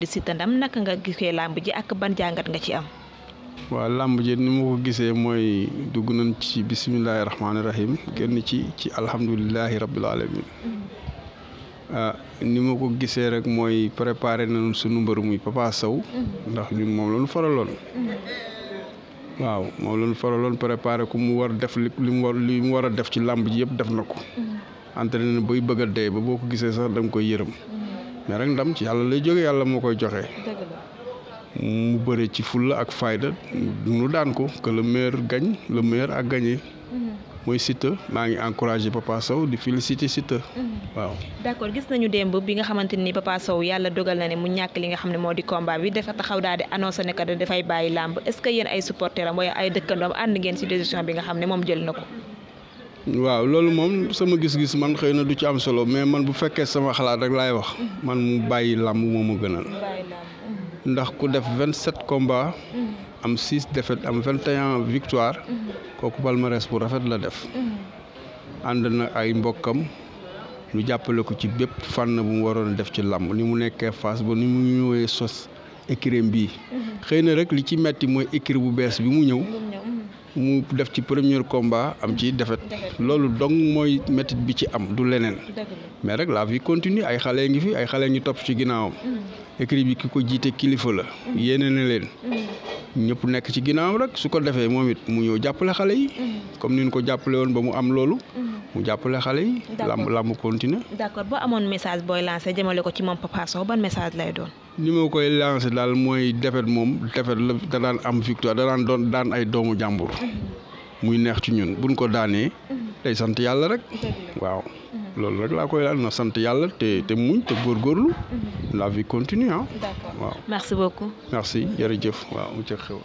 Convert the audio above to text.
di Siteu ndam naka nga gisee làmb ji ak ban jàngat nga ci am. waaw làmb ji ni ma ko gisee mooy dugg nañ ci bisimilahi rahmaani rahim génn ci ci alhamdulilahi rabbil alamin ah, ni ma ko gisee rek mooy préparé nanu sunu mbër muy Papa Sow mm-hmm. ndax ñun moom la ñu faraloon mm-hmm. waaw moom la ñu faraloon préparé ku mu war def li mu war li mu war a def ci làmb ji yëpp def na ko mm-hmm. entraîné bay booy bëgga dee ba boo ko gisee sax da koy yërëm. mais rek ndam ci yàlla lay jóge yàlla moo koy joxe. mu bëre ci fulla ak fayda nu daan ko que le meilleur gagne le meilleur a gagné. Mm-hmm. mooy Siteu maa ngi encouragé Papa Sow di félicité Siteu. Mm-hmm. waaw d'accord gis nañu démb bi nga xamante ni Papa yàlla dogal na ne mu ñàkk li nga xam ne moo di combat bi dafa taxaw daal di annoncé ne dafay bàyyi làmb est-ce que yéen ay supporteurs am ay dëkkandoom ànd ngeen ci décision bi nga xam ne moom jël na ko. waaw loolu moom sama gis-gis man xëy na du ci am solo mais man bu fekkee sama xalaat rek laay wax man mu bàyyi làmb moom mu gënal ndax ku def vingt sept combats mm-hmm. am six defet am vingt et un victoire mm-hmm. kooku palmarès bu rafet la def mm-hmm. ànd na ay mbokkam ñu jàppale ko ci bépp fànn bu mu waroon def ci làmb ni mu nekkee face ba ni mu ñëwee sos écurie bii xëy na rek li ci metti mooy écurie bu bees bi mu ñëw mu def ci première combat am ci defet loolu dong mooy métit bi ci am du leneen mais rek la vie continue ay xale ngi fi ay xale ngi topp ci ginnaawam écrit bi ki ko jiite kilifa la yéene leen ñëpp nekk ci ginnaawam rek su ko defee moom it mu ñëw jàppale xale yi comme ni nu ko jàppale woon ba mu am loolu mu jàppale xale yi làmb làmb continuer d'accord boo amoon message booy lancé jëmale ko ci moom Papa Sow ban message lay doon li ma koy lancé daal mooy defet moom defet la da daan am victoire da daan doon daan ay doomu jàmbur muy neex ci ñun buñ ko daanee day sant yàlla rek waaw loolu rek laa koy laal na sant yàlla te te muñ te góorgóorlu mhm. la vie continue ah waaw merci beaucoup merci jërëjëf waaw mu ca xew